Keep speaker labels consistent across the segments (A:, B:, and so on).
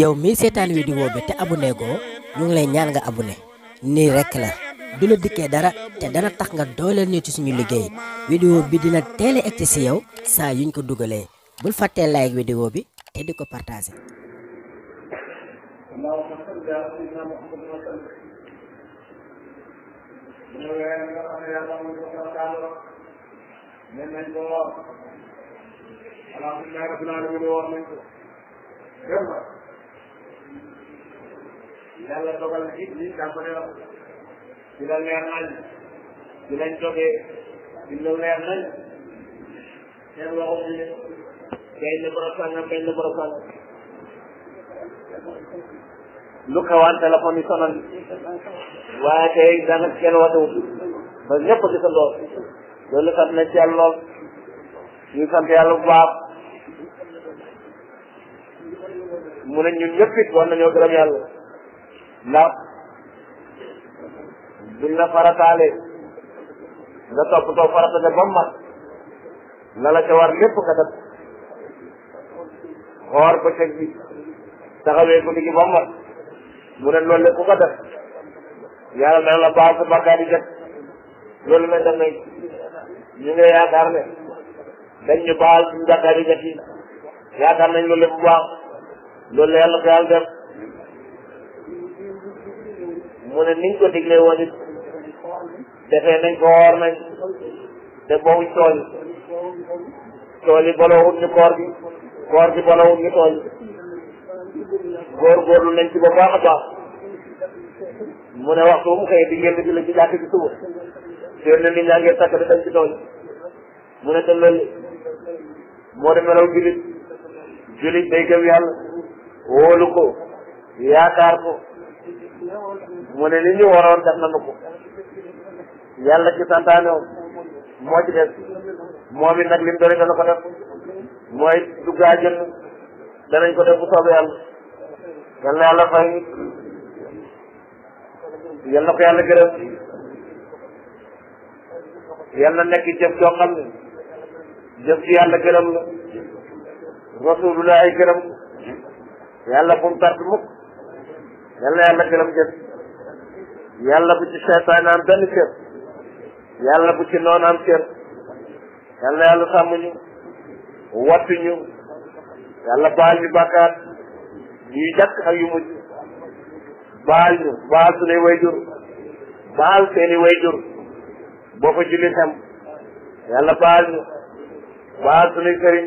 A: yow mii seetaan vidéo bi te abonné goo ñu ngi lay ñaan nga abonné nii rekk la du la dikkee dara te dana tax nga dooleel ñu ci suñu liggéey vidéo bi dina teel a egg si yow saa yuñ ko dugalee bul fàttee like vidéo bi te di ko partagé
B: alhamdulilahi rabbil alamin woor nañ ko dégg nga yàlla dogal na it lii tàmbale wax ci la leer nañ ci lañ jógee ci la leer nañ seen waxu ñu gañ na borom sàngam gañ na borom sàngam lu kawaan téléphone yi sonal waaye tey daanaka kenn watewut ba ñëpp di sa lool loolu sant na ci yàlla lool ñu sant yàlla bu baax mu ne ñun ñëpp it war nañoo gërëm yàlla ndax buñ la farataalee nga toppatoo farata nga ba mu mat la la ca war lépp nga def xoor bëccëg bi taxawee guddi gi ba mu mat mu ne loolu lépp ku ko def yàlla la baal sa bàkkaar yi jot loolu lañ def nañ ñu ngi yaakaar ne dañ ñu baal suñu bàkkaar yi jot yi yaakaar nañ loolu loolu la yàlla ko yàlla def ko diglee woon it defee nañ ko woor tool yi tool yi boloowut ni koor gi koor gi boloowut ni tool yi
A: góorgóorlu nañ ci ba
B: baax a baax mu ne waxtu mu xëyee di yëngu di la ci jàkk ci suba na nit ñaa ngi takk di dem ci tool yi mu ne te loolu moo di melaw wóolu ko yaakaar ko mu ne li ñu waroon def nañu ko yàlla ci santaane moo ci des moom it nag lim doon dana ko def mooy duggaa jënd danañ ko def bu soobee yàlla yal na yàlla fay yal na ko yàlla gërëm yal na nekk jëf joo xam ne jëf ci yàlla gërëm la rasulullah ay yàlla bu mu perte mukk yal na yàlla gërëm jëf yàlla bu ci seytaane am benn cër yàlla bu ci noon am cër yal na yàlla sàmm ñu wattu ñu yàlla baal ñu bàkkaat yu jàkk ak yu mujj baal ñu baal suñuy wayjur baal seeni wayjur boo ko julli tam yàlla baal ñu baal suñuy sëriñ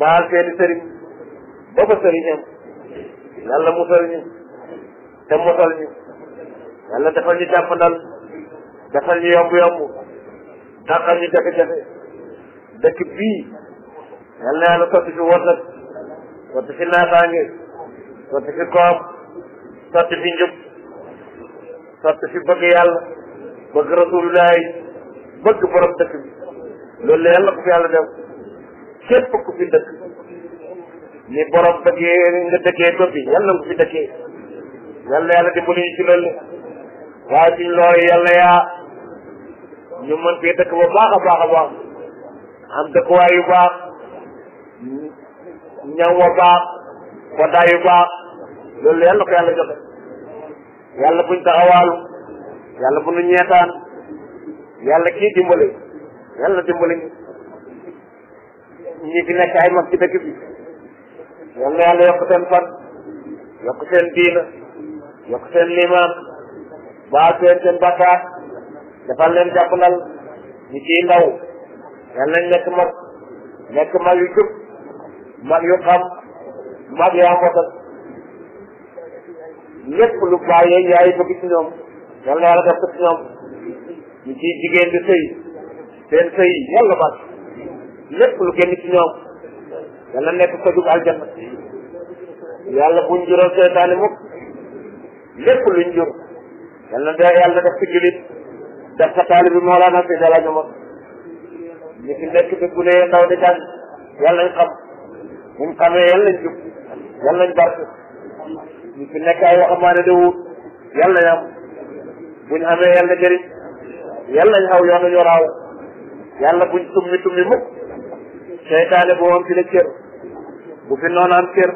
B: baal seeni sëriñ boo ko sëriñam yàlla musal ñu te musal ñu yàlla defal ñu jàppandal defal ñu yomb-yomb dàqal ñu jafe-jafe dëkk bii yàlla na yàlla sotti fi wërsëg sotti fi naataange sotti fi koom sotti fi njub sotti fi bëgg yàlla bëgg rasulullahi bëgg borom dëkk bi loolu la yàlla ko fi yàlla def képp ku fi dëkk ni borom bëggee nga dëkkee ko fi yàlla nga fi dëkkee na yàlla dimbali ñu ci loolu waaye suñ loolu yàlla yaa ñu mën fee dëkk ba baax a baax a baax am dëkkuwaay yu baax ñaw wa baax koddaay yu baax loolu yàlla ko yàlla joxe yàlla buñ taxawaalu yàlla bu ñu ñeetaan yàlla kii dimbali yàlla dimbali ñi fi nekk ay ma ci dëkk bi yal na yàlla yokk seen fan yokk seen diina yokk seen limaan baal seen seen bakkaar defal leen jàppalal ñu ciy ndaw yal nañ nekk mag nekk mag yu mag yu xam mag yu am wasal lépp lu bàyyee yaay bëgg ci ñoom yal na yàlla def ko ci ñoom ñu ciy jigéen di sëy seen sëy yàlla baax lépp lu génn ci ñoom yàlla nek ko jub aljanna
A: yalla buñ jural
B: seetaani mukk lepp luñ jur yalla da yalla def ci julit def sa talib moolana fi dara ñu ni ñi nek nekk bi bu nee ndaw de tan yalla ñu xam ñu xamee yalla ñu jub yalla ñu barku ni fi nek ay waxamaane de wu yalla ñam buñ amé yalla jëri yalla ñu aw yoonu ñu raw yalla buñ tummi tummi mukk seytaane boo am fi la bu fi noonu am cër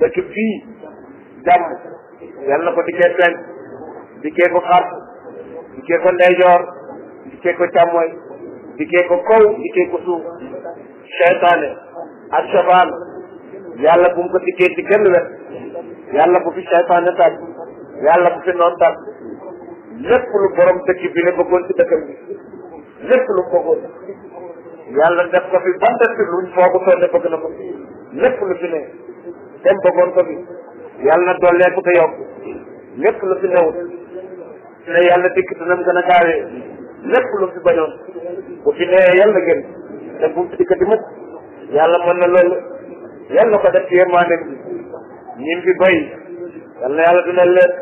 B: dëkk bii jàmm yàlla ko dikkee penk dikkee ko xar dikkee ko ndeyjoor dikkee ko càmmoy dikkee ko kaw dikkee ko suuf seytaane ak safaan yàlla bu mu ko dikkee ci kenn
A: wet
B: bu fi seytaane tàgg yàlla bu fi noonu tàgg lépp lu borom dëkk bi la ci dëkkam bi lépp lu yàlla def ko fi ban def fi luñ foogu toon ne bëgg na ko lépp lu fi ne dem bëggoon ko fi yàlla na dollee bu ko yokk lépp lu fi newut ne yàlla dikk dina mu gën a gaawee lépp lu fi bañoon bu fi nee yàlla gën te bu fi dikkati mukk yàlla mën na loolu yàlla ko def ci yërmande bi ñim fi bay yàlla yàlla dina leen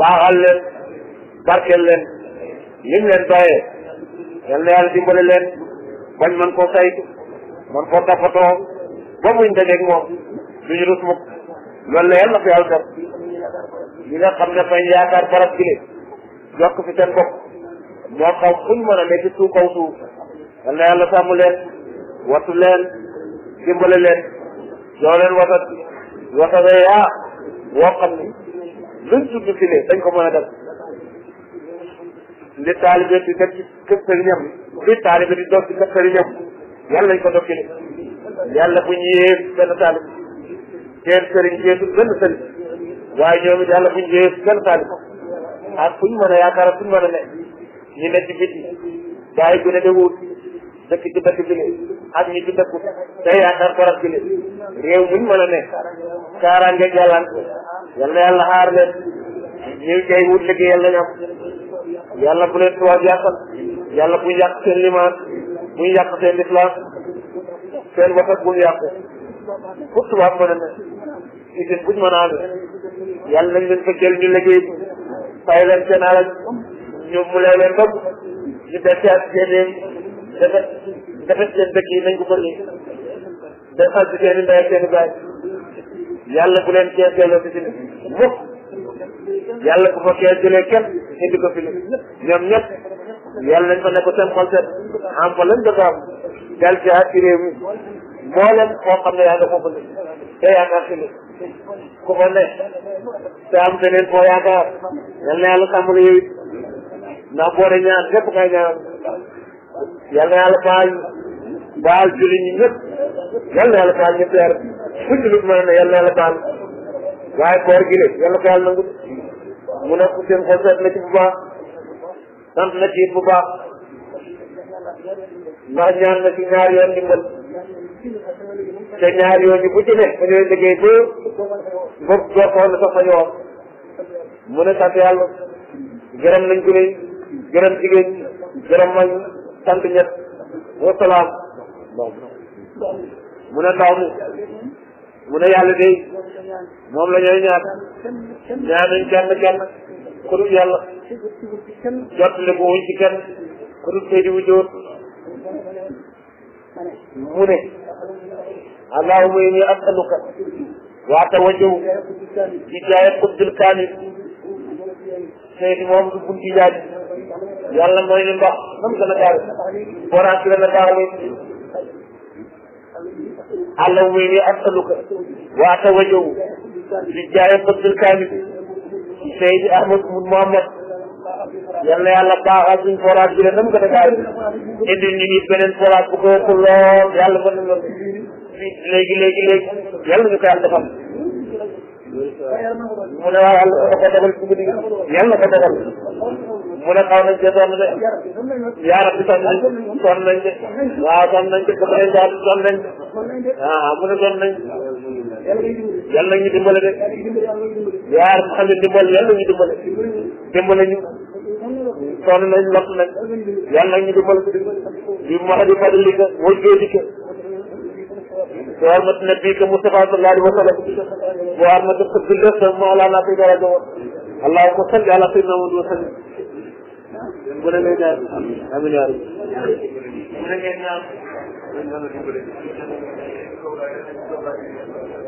B: baaxal leen barkeel leen lim leen bàyyee yàlla yàlla dimbale leen bañ man koo saytu mën koo toppatoo ba muñ dajeeg moom duñu rus mukk loolu la yàlla na ko yàlla def ñi nga xam ne fañ yaakaar barab bi le jokk fi seen bopp moo xam fuñ mën a nekk suuf kaw suuf yal na yàlla leen watu leen dimbale leen doo leen wasat wasat yaa woo xam ni luñ tudd fi le dañ ko mën a def li taalibe bi def ci kër sëriñam li taalibe di doog ci kër sëriñam yàlla nañ ko dokkile yàlla bu ñu yées benn taalib seen sëriñ yeesul benn sëriñ waaye ñoom it yàlla bu ñu yées benn taalib ak fu ñu mën a yaakaar ak fu ñu mën a ne ñu ne ci biti daay gën a de wóot dëkk ci dëkk bi ak ñi ci dëkku te yaakaar farat bi réew muñ mën a ne kaaraange jàllaan yal na yàlla xaar leen ñuy jay wut liggéeyal lañ am yàlla bu leen tubaab yàqal yàlla bu yàq seen limaan bu yàq seen lislaam seen wasat bu yàq pour tubaab mën a ne usine buñ mën a amee yàlla nañ leen fa jël ñu liggéey fay leen seen alal ñu mu lee leen bopp ñu defaat seen i defet defet seen dëkk yi nañ ko bëri defal ci seen i mbay ak seen i baay yàlla bu leen kenn yàlla nañ ko ne ko seen xol set am fa lan dafa am dal ci ci réew mi mboolem koo xam ne yaa ko foofu te yaa nga xili ku fa ne te am beneen foo yaakaar yal na yàlla sàmm la yow it ndax boo de yal baal baal julli ñi ñëpp
A: yal na yàlla baal ñëpp leer fu
B: julit mën ne yal baal waaye koor gi yal na ko yàlla nangu mu ne seen xol set na ci sant na ci bu baax
A: ndax ñaan na ci ñaar yoon ndimbal te ñaar yooyu bu ci ne bu ñëwee liggéey ba bopp boo xool
B: sax ma ñëwoon mu ne sant yàlla gërëm nañ ko léegi gërëm jigéen ñi gërëm mag ñi sant ñett wa salaam mu ne ndaw mi mu ne yàlla de moom la ñuy ñaan ñaanuñ kenn kenn ku dul yàlla jottali ko wuñ ci kenn ku dul kay di wujjoot mu ne allahumma inni asaluka waa tawajjahu bi jaay qutbil kaamil seydi moom du bunti jaaj yàlla mooy ñu ndox nam gën a gaawe forage bi gën a gaawe allahumma inni asaluka waa tawajjahu bi jaay qutbil kaamil Seydi Ahmad Muhammad yal na yàlla baaxal suñ forage bi la nam ko dagaay indi ñu nit beneen forage bu ko ëpp lool yàlla mën na fii
A: léegi léegi léegi yàlla ñu ko ne
B: waaw yàlla na ko dogal suñu digg yàlla na ko dogal mu ne xaw nañ cee sonn de yaara ah mënatoon nañ. yàlla nañu dimbale de.
A: yaar mu xam ne dimbale yàlla nañu
B: dimbale. dimbale ñu. sonn nañ lott nañ. yàlla nañu dimbale. bi ma di fadli ka wóor jooju ka. bi warmat nabi ka Mustafa sallallahu alayhi wa sallam. bi warmat xëgg sa Mawlana Seydina Rajo wa. allahumma salli ala Seydina Muhammad wa sallim. bu ne ngay ñaan. amiin yaa rabbi. bu ne ngay ñaan. Another people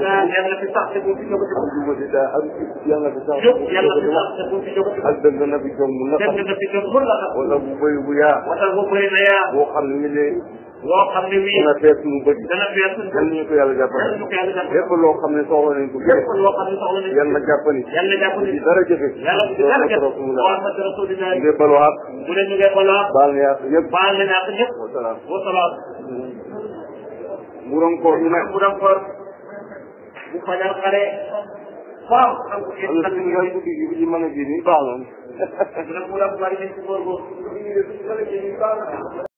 B: yàlla fi sax te bu fi jóg yàlla fi sax te bu na fi jóg mu nafa wala bu bëri bu yaa wala bu bëri na yaa boo xam ne ne loo xam ne wii dana fees suñu bët yi dana fees yal nañu ko yàlla jàppale lépp loo xam ne soxla nañ ko lépp loo xam ne soxla nañ ko yal na jàppale yal na jàppale ci dara jëfe yàlla ci dara jëfe ñu ngi balu ak mu ne ñu ngi balu ak baal na yàq yëpp baal na yàq yëpp wasalaam wasalaam mu doon koor ñu nag mu doon koor bu fajal xare. waaw xam nga xam nga yooyu bi ñu mën a ji nii baax
A: na.